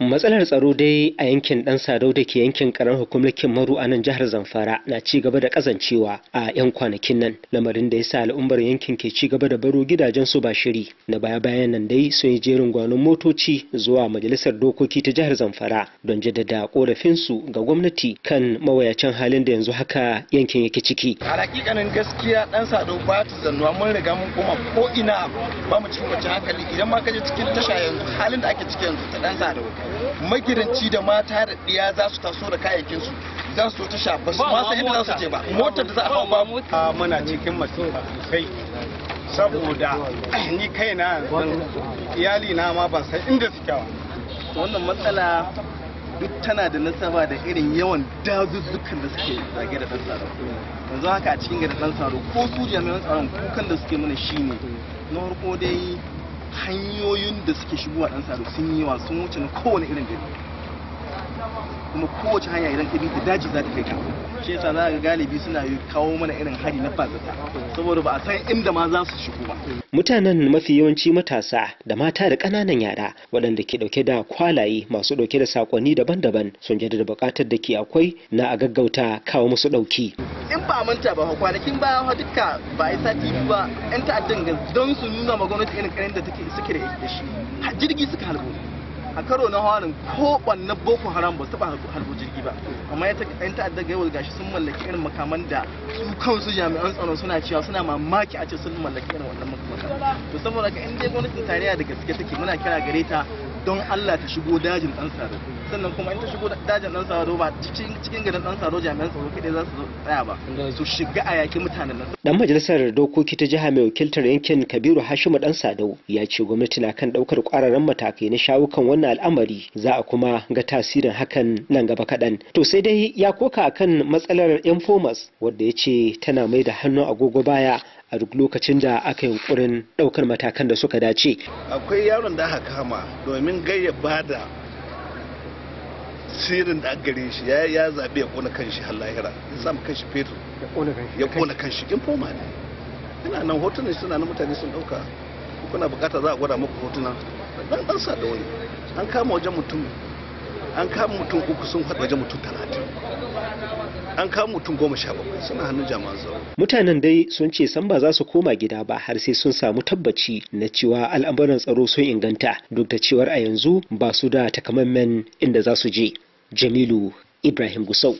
Matsalar tsaro dai a yankin dan Sadau da ke yankin karan hukumar Maru a nan jihar Zamfara na ci gaba da kazancewa a 'yan kwanakin nan lamarin da ya sa al'ummar yankin ke ci gaba da baro gidajen su ba shiri na baya bayan nan dai sun yi jerin gwanon motoci zuwa majalisar dokoki ta jihar Zamfara don jaddada korafin su ga gwamnati kan mawayacin halin da yanzu haka yankin yake ciki. A hakikanin gaskiya dan Sadau ba ta zannuwa mun riga mun koma ko ina ba mu cikin wacce hankali idan ma ka je cikin tasha yanzu halin da ake ciki yanzu ta dan Sadau magidanci da mata da ɗiya za su taso da kayayyakin su za su ta sha ba su ma san inda za su je ba motar da za a hau ba mota ah, muna cikin masifa sosai saboda ni na iyali na ma ban san inda suke ba wannan matsala duk tana da nasaba da irin yawan dazuzzukan da suke zage da ɗan tsaro yanzu haka a cikin gari ɗan tsaro ko su jami'an tsaron kukan da suke mana shine na farko dai hanyoyin da suke shigo a dan saro sun yi wa sun wuce na kowane irin gari kuma kowace hanya idan ka ta daji za ta kai ka shi yasa za ga galibi suna kawo mana irin hari na fazata saboda ba a san inda ma za su shigo ba mutanen mafi yawanci matasa da mata da ƙananan yara waɗanda ke ɗauke da kwalaye masu ɗauke da sakonni daban-daban sun da bukatar da ke akwai na a gaggauta kawo musu ɗauki in ba manta ba kwanakin ba ha duka ba a sati biyu ba yan ta'addan don su nuna ma gwamnati irin karin da take suke da shi jirgi suka halbo a karo na hawanin ko na boko haram ba su taba halbo jirgi ba amma yan ga gaiwal gashi sun mallaki irin makaman da su kansu jami'an tsaro suna cewa suna mamaki a ce sun mallaki irin wannan makaman to saboda ka in gwamnatin tarayya da gaske take muna kira gare ta don Allah ta shigo dajin dan tsaro sannan kuma in ta shigo dajin dan tsaro ba cikin cikin dan tsaro jami'an tsaro kadai za su tsaya ba su shiga a yaki mutanen nan dan majalisar dokoki ta jiha mai wakiltar yankin Kabiru Hashimu dan Sadau ya ce gwamnati na kan daukar kwararan matakai na shawo kan wannan al'amari za a kuma ga tasirin hakan nan gaba kaɗan to sai dai ya koka kan matsalar informers wanda ya ce tana mai da hannu agogo baya a duk lokacin da aka yunkurin ɗaukar matakan da suka dace. Akwai yaron da aka kama domin gayya bada sirrin da aka gare shi ya zaɓi ya ƙona kanshi har lahira ya samu kanshi fetur ya ƙona kanshi in foma ne ina nan hotunan suna na mutane sun ɗauka kuna bukata za a gwada muku hotunan dan dan sa da wani an kama wajen mutum an kama mutum uku sun faɗi wajen mutum talatin an kama mutum goma sha bakwai suna hannun jami'an tsaro mutanen dai sun ce san ba za su koma gida ba har sai sun samu tabbaci na cewa al'amuran tsaro sun inganta duk da cewar a yanzu ba su da takamaiman inda za su je jamilu ibrahim gusau